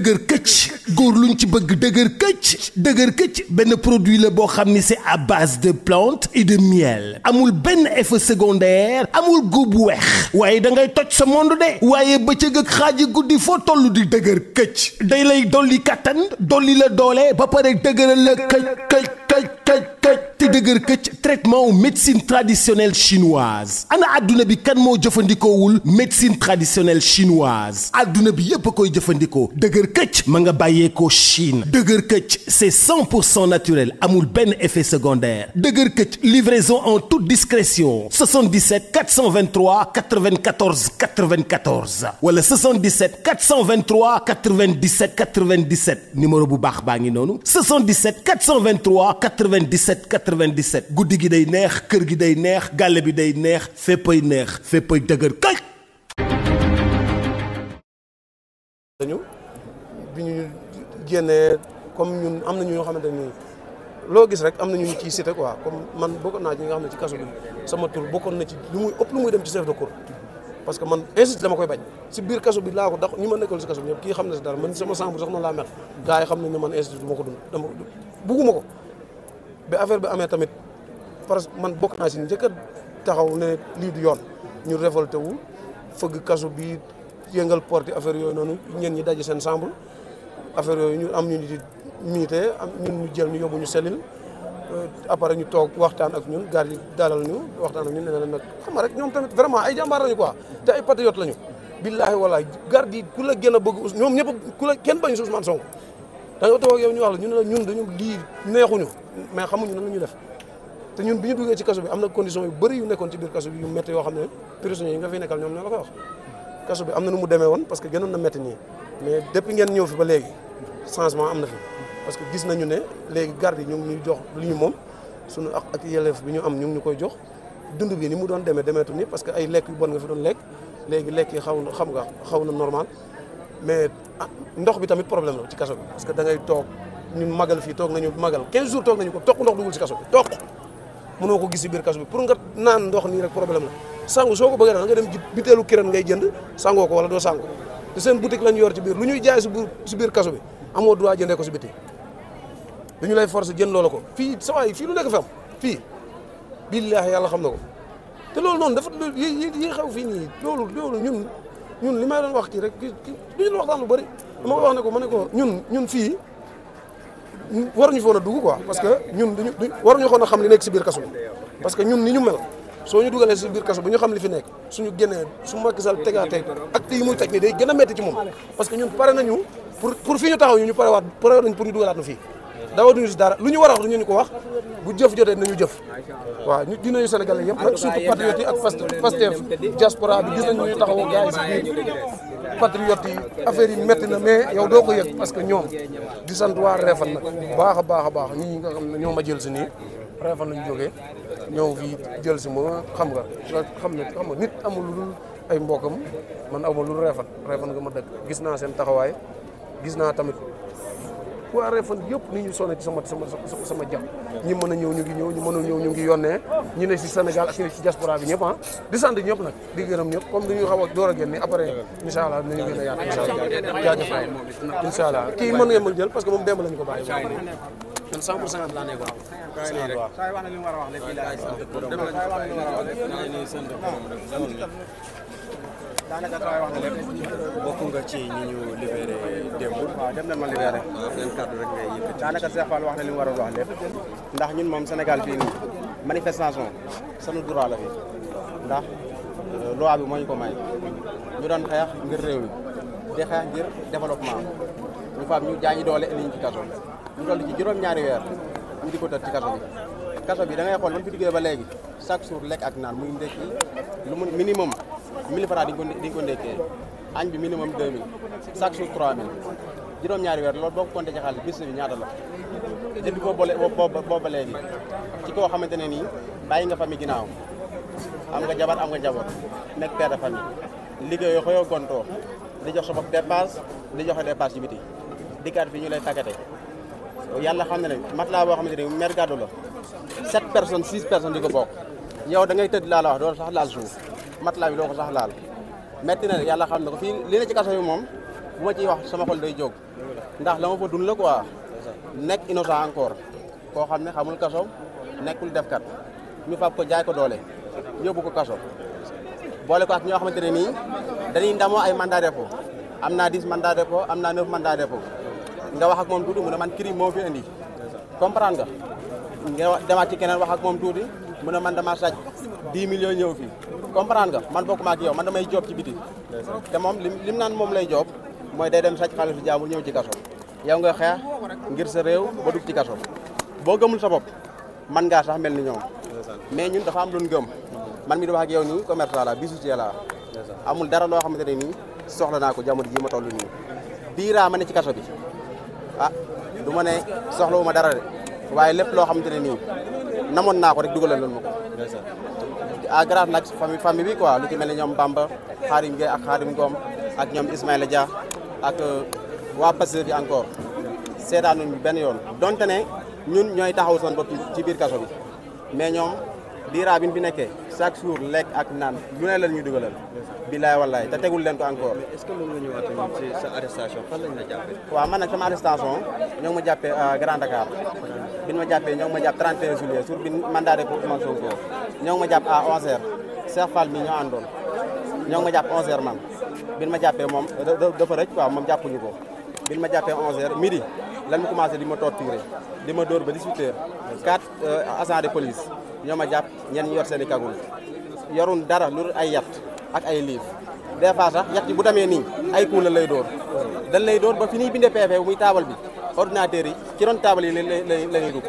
dëgër këcc góor ñu ci bëgg dëgër këcc dëgër këcc benn produit la boo xam ni c'est à base de plantes et de miel amul benn effet secondaire amul góob bu weex waaye da ngay toj sa monde de waaye bëccëg ak xaaji guddi foo toll di dëgër këcc day lay dolli kattan dolli la doole ba pare dëgëral la këcc këcc këcc këcc te dëgër këcc traitement médecine traditionnelle chinoise ana adduna bi kan moo jëfandikoowul médecine traditionnelle chinoise adduna bi yépp koy jëfandikoo bàyyeekoo Chine dëgër këcc c'est 100 pour cent naturel amul benn effet secondaire dëgër këcc livraison en toute discrétion 77 423 94 94 wala 77 423 97 97 numéro bu baax baa ngi noonu 77 423 97 97 guddi gi day neex kër gi day neex gàlle bi day neex féppay neex féppay dëgër këcc. dañu génne comme ñun am na ñu ñoo xamante ni loo gis rek am na ñu ciy cité quoi comme man bokkoon naa ci ñi nga xam ne ci kaso bi sama tur bokkoon na ci lu muy ëpp lu muy dem ci chef de cour parce que man insiste dama koy bañ si biir kaso bi laa ko dax ñi ma nekkoon si kaso bi ñëpp kii xam na si ma ko dund affaire bi amee tamit parce que man bokk naa si njëkk a taxaw ne lii du yoon ñu révolté wu fëgg kaso bi yëngal porte affaire yooyu noonu ñenn ñi daje seen chambre affaire yooyu ñu am ñu di miite ñun ñu jël ñu yóbbu ñu selil euh, après ñu toog waxtaan ak ñun gar yi dalal ñu waxtaan ak ñun nee na nag ñoom tamit vraiment ay jàmbaar lañu quoi te ay patriote lañu. billahi wallahi gar yi ku la gën a bëgg ñoom ñëpp ku la kenn bañ yow ñu wax la ñu ne la ñun dañu lii neexuñu mais xamuñu nan ñu duggee ci kaso bi yu bëri yu nekkoon ci biir kaso bi yu métti yoo xam ne prisonniers yi nga fi am na nu mu demee woon parce que gënoon na métti nii mais depuis ngeen ñëw fi ba léegi changement am na fi parce que gis nañu ne léegi garde yi ñu ngi jox lu ñu moom suñu ak ak yelleef bi ñu am ñu ñu koy jox dund gi ni mu doon demee demeetu ni parce que ay lekk yu bon nga fi doon lekk léegi lekk yi xaw na xaw na normal mais ah, ndox bi tamit problème la ci kaso parce que da ngay toog ñun magal fii toog nañu magal 15 jours toog nañu ko toq ndox dugul ci kaso bi toq ko gis si biir kaso bi pour nga naan ndox nii rek problème la sangu soo ko bëggee da nga dem biteelu kiran ngay jënd sangoo ko wala doo sangu te seen boutique lañ yor ci biir lu ñuy jaay si biir si biir kaso bi amoo droit jëndee ko si biti dañu lay force jën loola ko fii sa waay fii lu nekk fi am fii billaahi yàlla xam na ko te loolu noonu dafa yi yi xew fii nii loolu loolu ñun ñun li may doon wax kii rek la waxtaan lu bëri dama ko wax ne ko ma ne ko ñun ñun fii waruñu foon a dugg quoi parce que ñun duñu waruñu xoon a xam li nekk si biir kaso parce que ñun ni ñu mel soo ñu dugalee si biir kaso bu ñu xam li fi nekk suñu génnee su Macky Sall tegaatee acte yi muy teg nii day gën a ci moom parce que ñun pare nañu pour pour fii ñu taxaw ñu ñu pare waat pare nañ si dara lu ñu war a wax duñu ñu ko wax bu jëf jotee nañu jëf waaw ñu dinañu Sénégalais yëpp nag surtout patriotes yi ak Pastef diaspora bi gis nañ ñu taxawoo gars yi si biir patriotes yi affaire na mais yow doo ko yëg parce que ñoom di sant waa Réfane nag baax a baax a baax ñi nga xam ne ñoo ma jël si Réfane lañ jógee ñëw fii jël si ma xam nga xam ne xam nga nit amul lu dul ay mbokam man aw lu dul Réfane Réfane nga ma dëkk gis naa seen taxawaay gis naa tamit waa Réfane yëpp ni ñu sonné ci sama sama ñi mën a ñëw ñu ngi ñëw ñu mënul ñëw ñu ngi yónnee ñu ne si Sénégal ak ñu ne si diaspora bi ñëpp ah di sant ñëpp nag di gërëm ñëpp comme dañuy xaw a door a génne après incha allah a kii mën ngeen ma jël parce que moom démb lañu ko bàyyi man 100 pour 50 laa nekkoon. saa yi wax na li mu war a wax lépp. saa yi wax na lépp. bokk nga ci ñi ñu libéré démb. waaw dem nañ ma libéré. seen kàddu rek ngay daanaka Cheikh wax na li mu war a wax lépp. ndax ñun moom Sénégal fii nii manifestation sunu droit la fi ndax euh, loi bi moo ko may ñu doon xeex ngir réew mi di xeex ngir développement. ñu faam ñu jaañi doole indi ñu ci ñu toll ci juróom-ñaari weer ñu di ci kaso bi kaso bi da ngay xool man fi duggee ba léegi chaque jour lekk ak naan muy ndekki lu mu minimum 1000 francs di ko di ko ndekkee añ bi minimum 2000 chaque jour 3000 juróom-ñaari weer loolu boo ko compté ci xaalis bis bi ñaata la depuis boo boole boo ba léegi ci koo xamante ne nii bàyyi nga famille ginnaaw am nga jabar am nga njaboot nekk père de famille liggéeyoo xëyoo gontoo di jox sa bopp dépasse di joxe dépasse ci dikkaat fii ñu lay tàggate yàlla xam ne ne matelas boo xam ne mer gàddu la sept personnes six personnes di ko bokk yow da ngay tëdd laa la wax doo sax laal suuf matelas bi doo ko sax laal metti na yàlla xam ne ko fii li na ci yu moom bu ma ciy wax sama xol day jóg ndax la ma fa dund ko quoi nekk innocent encore koo xam ne xamul kaso nekkul def defkat ñu fab ko jaay ko doole yóbbu ko kaso boole ko ak ñoo xamante ne nii dañuy ndamoo ay mandat de dépôt am naa dix mandat de dépôt am naa neuf mandat de dépôt nga wax ak moom tuuti mu man kiri moo fi indi nga nga demaat ci keneen wax ak moom tuuti mu ne man dama sàcc 10 millions ñëw fii comprendre nga man bokkuma ak yow man damay joob ci biti te moom lim lim naan moom lay joob mooy day dem sàcc xaalis bi jaamul ñëw ci kaso yow nga xeex ngir sa réew ba dugg ci kaso boo gëmul sa bopp man ngaa sax mel ni ñoom mais ñun dafa am lu gëm man mi di wax ak yow nii commerçant la bisu ci yàlla amul dara loo xamante ne nii soxla naa ko jamono ji ma toll nii biiraa ma ne ci kaso bi ah du ma ne wu ma dara de waaye lépp loo xamante ne nii namoon naa ko rek dugalal loolu ma ko à grâce nag famille famille bi quoi lu ci mel ne ñoom Bamba Xaadim Gueye ak Xaadim Ngom ak ñoom Ismaïla Dia ak euh, waa Pastef bi encore seetaanuñ benn yoon donte ne ñun ñooy taxaw seen bopp ci biir kaso mais ñoom diiraa bi ñu fi nekkee chaque jour lekk ak naan lu ne la ñuy dugalal. bilaay wallaay te tegul leen encore. mais est ce que mën nga ñëwaat ci sa arrestation fan lañ waaw man nag sama arrestation ñoo ngi ma jàppee euh, Grand Dakar bi ma jàppee ñoo ma jàpp 31 juillet jour bi mandat de dépôt Ousmane Sonko ñoo ngi ma jàpp à 11h Cheikh Fall mi ñoo àndoon ñoo ngi ma jàpp 11h man bi ñu ma jàppee moom dafa rëcc waaw moom jàppuñu ko bi ñu ma jàppee 11h midi lan mu commencé di ma torturer. di ma dóor ba 18 heures quatre euh, agents de police ñoo ma jàpp ñenn ñu yor seen i kagul yorun dara lu ay yat ak ay liif des fois sax yat bu demee nii ay la lay dóor dañ lay dóor ba fi ñuy binde PV muy taabal bi ordinateur yi ci ron taabal yi la ñuy dugg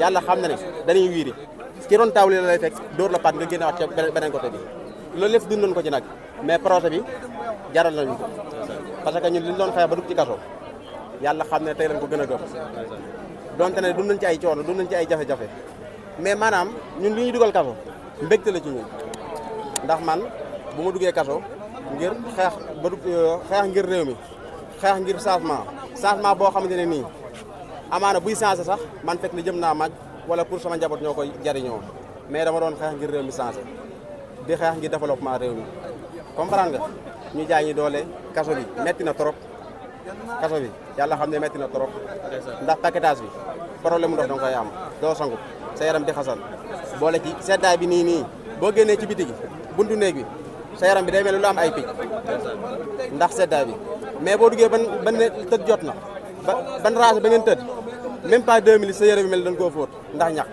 yàlla xam na ne dañuy wiiri ci ron taabal yi la lay fekk dóor la paat nga génne waat ci beneen ko te bi loolu lépp dundoon ko ci nag mais projet bi jaral nañu ko parce que ñu li ñu doon xeex ba dugg ci kaso xam ne tey lañ ko gën a donte ne dund nañ ci ay coono dund nañ ci ay jafe-jafe mais maanaam ñun li ñuy dugal kaso mbégte la ci ñun ndax man bu ma duggee kaso ngir xeex ba euh, xeex ngir réew mi xeex ngir changement changement boo xamante ne nii amaana buy changé sax man fekk ni jëm naa màgg wala pour sama njaboot ñoo koy jariñoo mais dama doon xeex ngir réew mi changé di xeex ngir développement réew mi comprendre ñu jaay ñi doole kaso bi metti na trop. kaso bi yàlla xam ne metti na trop ndax paquetage bi problème ndox danga koy am doo sangu sa yaram di xasan boole ci seddaay bi nii nii boo génnee ci biti gi buntu néeg bi sa yaram bi day mel ni lu am ay picc ndax seddaay bi mais boo duggee ban ban ne tëdd jot na ba ban raase ba ngeen tëdd même pas deux minutes sa yaram bi mel dañ koo ndax ñàkk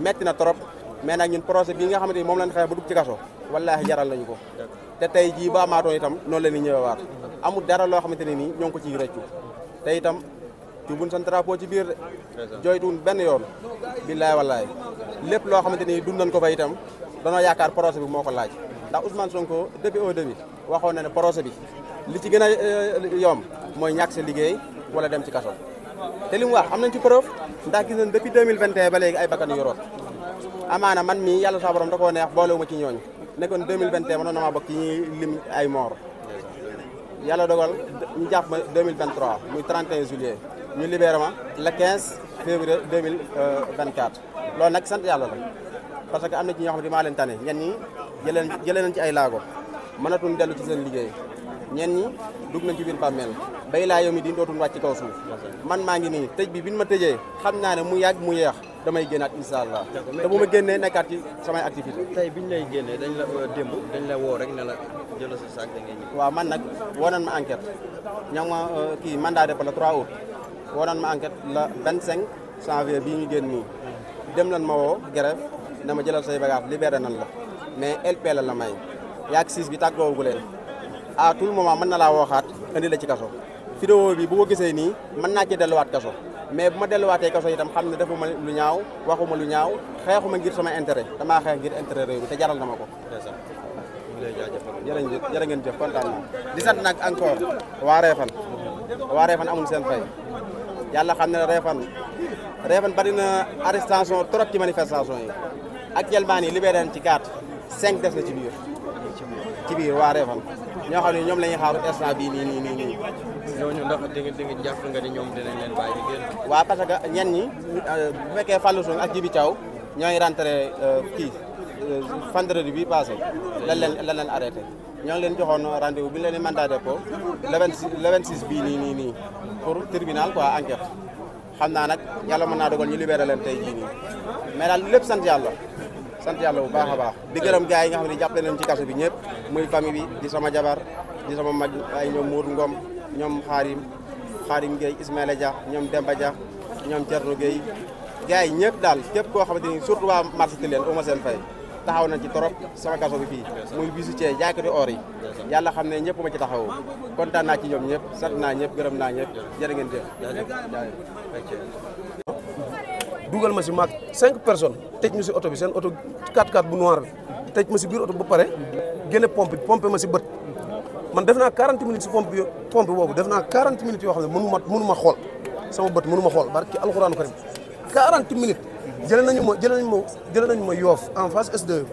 metti na trop mais nag ñun projet bii nga xamante ni moom lañ xeex ba dugg ci kaso wallaahi jaral lañu ko te tey jii ba amaatoon amul dara loo xamante ne nii ñoo ngi ko ciy rëccu te itam jubun san drapeau ci biir de joytuwun benn yoon billaay wallaay lép loo xamante ni dund nañ ko fa itam danoo yakaar projet bi moo ko laaj ndax Ousmane Sonko depuis au début waxoon na ne projet bi li ci gën a euh, yomb mooy ñàkk sa liggéey wala dem ci kaso te li mu wax am nañ ci preuve ndax gis nañ depuis 2021 ba léegi ay bakkan yu root amaana man mii yàlla sa borom da koo neex boolewuma ci ñooñu nekkoon 2021 mënoon na maa bokk ci ñuy lim ay moor yàlla dogal ñu jàpp ma 2023 muy 31 juillet ñu libéré ma le 15 février 2024 loolu nag sant yàlla la parce que am na ci ñoo xam ne maa leen tane ñenn ñi nañ ci ay laago mënatuñ dellu ci seen liggéey ñenn ñi dugg nañ ci biir bàmmeel bay laa yow mi di dootuñ wàcc kaw suuf man maa ngi nii tey bi bi ñu ma tëjee xam naa ne mu yàgg mu yeex damay génnaat incha allah te bu ma génnee nekkaat ci samay activité tey biñ lay génnee dañ la démb dañ la woo rek ne la jëlal sa saak da waaw man nag woo ma enquête ña ma euh, kii mandat de dépôt le 3 août woo nañ ma enquête le 25 janvier bii ñu génn nii dem lan ma woo grève na ma jëlal say bagage libéré nan la mais LP la la may yaag siis bi tàggoogu leen à tout moment mën na laa waxaat indi la ci kaso. vidéo bi bu ko gisee nii mën naa ci delluwaat kaso mais bu ma delluwaatee kaso itam xam ne defuma lu ñaaw waxuma lu ñaaw xeexuma ngir sama intérêt damaa xeex ngir intérêt jaral na ma ko. jërëjëf jërë ngeen jëf kontaan naa di sant nag encore waa Réfane waa Réfane amul seen fay yàlla xam ne Réfane Réfane bari na arrestation trop ci manifestation yi actuellement nii libéré nañ ci quatre cinq des na ci biir ci biir waa Réfane ñoo xam ne ñoom la ñuy xaaru instant bii nii nii nii nii. ñooñu ndax dégg nga dégg jàpp nga ni ñoom dinañ leen bàyyi génn. waaw parce que ñi bu fekkee Fallou ak Jibi Thiaw ñooy rentré euh, kii. vendredi bi passé lan leen lan leen arrêté ñoo ngi leen joxoon rendez-vous bi ñu leen di mandat de dépôt le 26 le 26 bii nii nii nii pour tribunal quoi enquête xam naa nag yàlla mën naa dogal ñu libéré leen tey jii nii mais daal lépp sant yàlla sant yàlla bu baax a baax di gërëm gars yi nga xam ne jàppale nañu ci kaso bi ñëpp muy famille bi di sama jabar di sama mag ay ñoom Mour Ngom ñoom Xaarim Xaarim Gueye Ismaïla ja ñoom Demba Dia ñoom Thierno Gueye gars yi ñëpp daal képp koo xamante ni surtout waa marché ti leen seen fay taxaw nañ ci trop sama kaso bi fii muy bisu Thiès jaaykati or yi yàlla xam ne ñëpp ma ci taxaw kontaan naa ci ñoom ñëpp sant naa ñëpp gërëm naa ñëpp jërë ngeen dugal ma si maag cinq personnes tëj ñu si oto bi seen oto 4x4 bu noir bi tëj ma si biir oto ba pare génne pompe pompe ma si bët man def naa 40 minutes si pompe pompe boobu def naa 40 minutes yoo xam ne mënu ma mënu ma xool sama bët mënu ma xool barki ko karim 40 minutes jëlee nañu ma jëlee nañu ma jëlee nañu ma yoof en face S2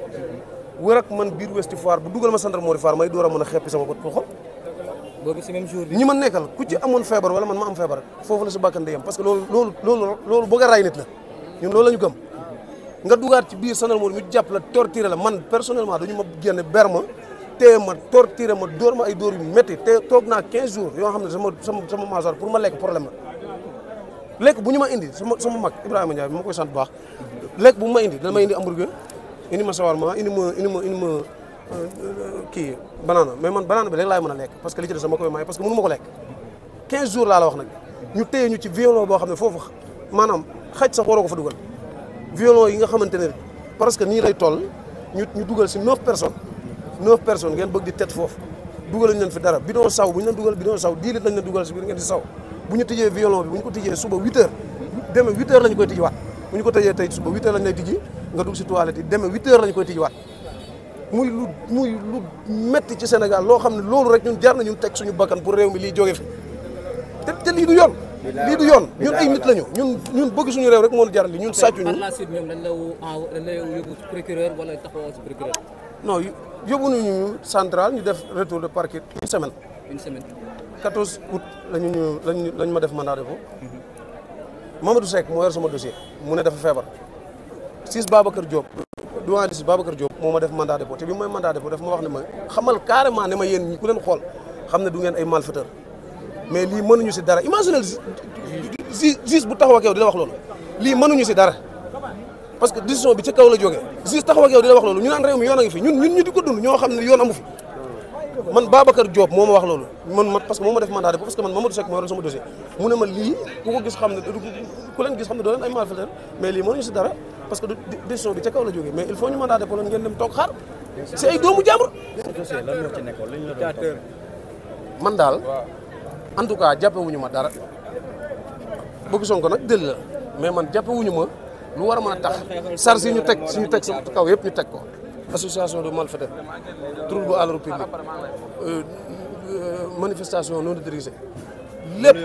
man biir Ouest Foire bu dugal ma centre Mori ma may door a mën a xepp sama bët ko xol ñi ma nekkal ku ci amoon feebar wala man ma am feebar foofu na su bàkkande yam parce que loolu loolu loolu loolu bëgg a ray nit la ñun loolu la ñu gëm nga dugaat ci biir centre Mori ñu jàpp la torturer la man personnellement dañu ma génne ber ma téye ma torturer ma dóor ma ay dóor yu métti te toog naa 15 jours yoo xam ne sama sama sama pour ma lekk lekk bu ñu ma indi suma sama mag Ibrahima Ndiaye bi ma koy sant bu baax lekk bu ma indi dama indi hamburger indi ma shawarma indi ma indi ma indi ma euh, kii banana mais man banana bi rek laay mën a lekk parce que li ci des sama koy may parce que mënu ma ko lekk 15 jours laa la wax nag ñu téye ñu ci violon boo xam ne foofu maanaam xaj sax waroo ko fa dugal violon yi nga xamante ne parce que nii lay toll ñu ñu dugal si 9 personnes 9 person ngeen bëgg di tet foofu dugal ñu leen fi dara bidon bu ñu dugal bidon saw 10 litres lañ leen si biir ngeen di saw bu ñu tijjee violon bi bu ñu ko tijjee suba 8 heures deme 8 heures la ñu koy tijjiwaat bu ñu ko tëjee tey suba 8 heures lañ lay tijji nga dugg si toilette yi deme 8 heures la ñu koy tijjiwaat muy lu muy lu metti ci Sénégal loo xam ne loolu rek ñun jar na ñun teg suñu bakkan pour réew mi lii jóge fi te te lii du yoon lii du yoon ñun ay nit lañu ñun ñun bëgg suñu réew rek moo ñu li ñun sàccuñu par la suite la dañ la yóbbu ci procureur central ñu def retour de parquet une semaine une semaine 14 août la ñu ñu la ñu la ma def mandat de dépôt Mamadou Seck moo yor sama dossier mu ne dafa feebar. sis Babacar Diop doyen di sis Babacar Diop moo ma def mandat de dépôt te bi mooy mandat de dépôt daf ma wax ne ma xamal carrément ne ma yéen ñi ku leen xool xam ne du ngeen ay malfaiteur mais lii mënuñu si dara imaginez si gis bu taxaw ak yow di la wax loolu lii mënuñu si dara. parce que décision bi ci kaw la jógee gis taxaw ak yow di la wax loolu ñu naan réew mi yoon a ngi fi ñun ñun ñu ko dund ñoo xam ne yoon amu fi man Babacar Diop moo ma wax loolu man man parce que moo ma def mandat de parce que man Mamadou Seck moo yoroon sama dossier mu ma lii ku ko gis xam ne ku leen gis xam ne doo leen ay malfaiteur mais lii man daal en tout cas jàppewuñu ma dara bëgg Sonko nag dëll la mais man jàppewuñu ma lu war a mën a tax sar si ñu teg su ñu teg sama kaw yëpp ñu teg ko. association de malfaiteurs trouble à l'ordre public euh, euh, manifestation non autorisée lépp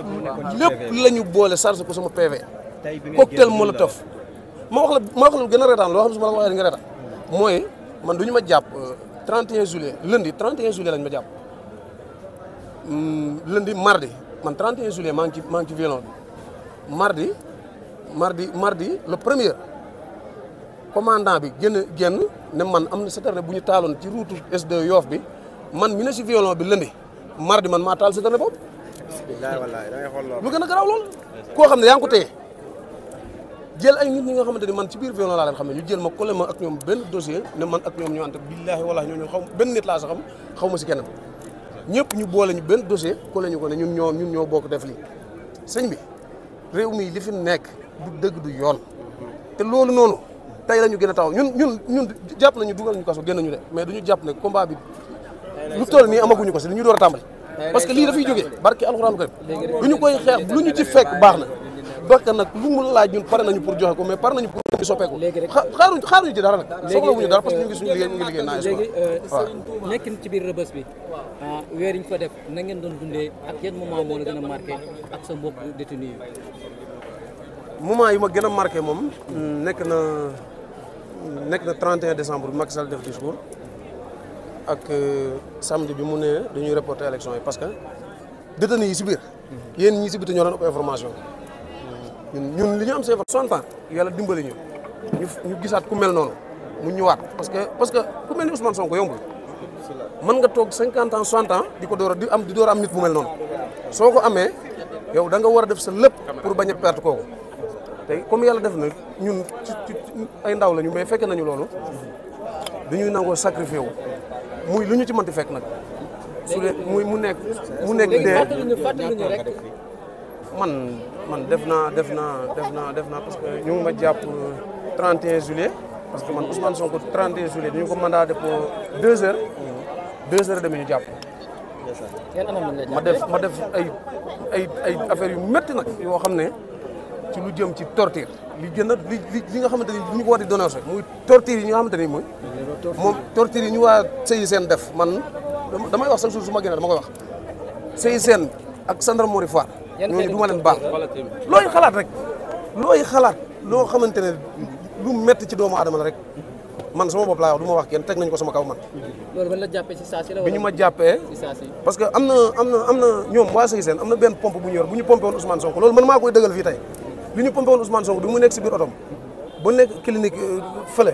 lépp la boole chargé ko sama PV. cocktail molotov ma wax la ma wax la gën a reetaan loo xam su ma la waxee nga reetaan mooy man du ñu ma jàpp 31 euh, juillet lundi 31 juillet lañ ma jàpp hmm, lundi mardi man 31 juillet maa man ci maa bi mardi mardi mardi le premier commandant bi génn génn. ne man am na citerne bu ñu taaloon ci route S2 Yoff bi man mi ne si violon bi lëndi mardi man maa taal citerne boobu. lu gën a garaaw loolu. koo xam ne yaa ngi ko téye jël ay nit ñi nga xamante ne man ci biir violon laa leen xam ne ñu jël ma kole ma ak ñoom benn dossier ne man ak ñoom ñoo ànd bilaay walaay ñoo ñoo xaw benn nit laa sa xaw ma si kenn. ñëpp ñu boole ñu benn dossier collé ñu ko ne ñun ñoo ñun ñoo bokk def lii sëñ bi réew mi li fi nekk du dëgg du yoon tey la ñu taw a taxaw ñun ñun ñun jàpp nañu dugal ñu duñu jàpp ne combat bi lu toll ko si li ñu door parce que lii dafay jógee barke alxuraanu karim lu ñu koy na bakka nag lu ñun pare nañu pour joxe ko mais pare nañu pour ñu soppeeku xaaruñu xaaruñu ci dara nag soxlawuñu dara parce que ñu ngi suñu euh, bi ah, weer yi ñu fa def na ngeen doon dundee ak yan moment moo la gën a marqué ak sa yi ma gën a marqué moom nekk na nekk na 31 décembre bi Macky Sall def discours ak euh, samedi bi mu ne dañuy reporter élection yi parce que détenu yi si biir. yéen ñi si biti ñoo doon ëpp information ñun ñun li ñu am c'est son ans yàlla dimbali ñu ñu gisaat ku mel noonu mu ñëwaat parce que parce que ku mel ni Ousmane Sonko yombul mën nga toog 50 ans 60 ans di ko door di am di door am nit bu mel noonu soo ko amee yow da nga war a def sa lépp pour bañ a perte kooku. te comme yàlla def na ñun ci ay ndaw lañu mais fekke nañu loolu dañuy nangoo sacrifié wu muy lu ñu ci mënti fekk nag. su dee muy mu nekk mu nekk dee rek man man def naa def naa def naa def naa parce ñu ma jàpp 31 juillet parce que man Ousmane Sonko 31 juillet dañu ko mandat de pour deux heures 2 heures demi ñu jàpp. ma def ma def ay ay ay affaires yu métti nag yoo xam ne. ci lu jëm ci torture li gën a li nga xamante ni li ñu ko war di dénoncé muy torture yi nga xamante ni mooy moom torture yi ñu waa sëyi seen def man damay wax sax su ma gën a dama koy wax sëyi seen ak gendarmerie Foire ñooñu du ma leen baal looy xalaat rek looy xalaat loo rek man sama bopp laa wax du ma wax kenn teg nañ ko sama kaw man. loolu ban ñu ma jàppee. ci saa si parce que am na am na ñoom waa Sèye Sène am na benn pompe bu ñu yor bu ñu pompé woon Ousmane Sonko loolu man maa koy dëggal fii tey. bi ñu pompé woon Ousmane Sonko bi mu nekk si biir otom ba nekk clinique euh, fële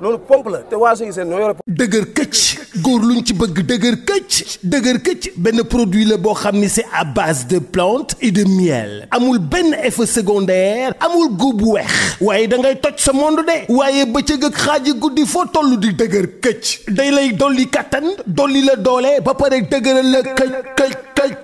loolu pompe la te waa seen ñoo yore. dëgër këcc góor lu luñ ci bëgg dëgër këcc dëgër këcc benn produit la boo xam ni c'est à base de plantes et de miel amul benn effet secondaire amul góob bu weex waaye da ngay toj sa monde de waaye bëccëg ak xaaji guddi foo toll di dëgër këcc day lay dolli kattan dolli la doole ba pare dëgëral la këcc këcc.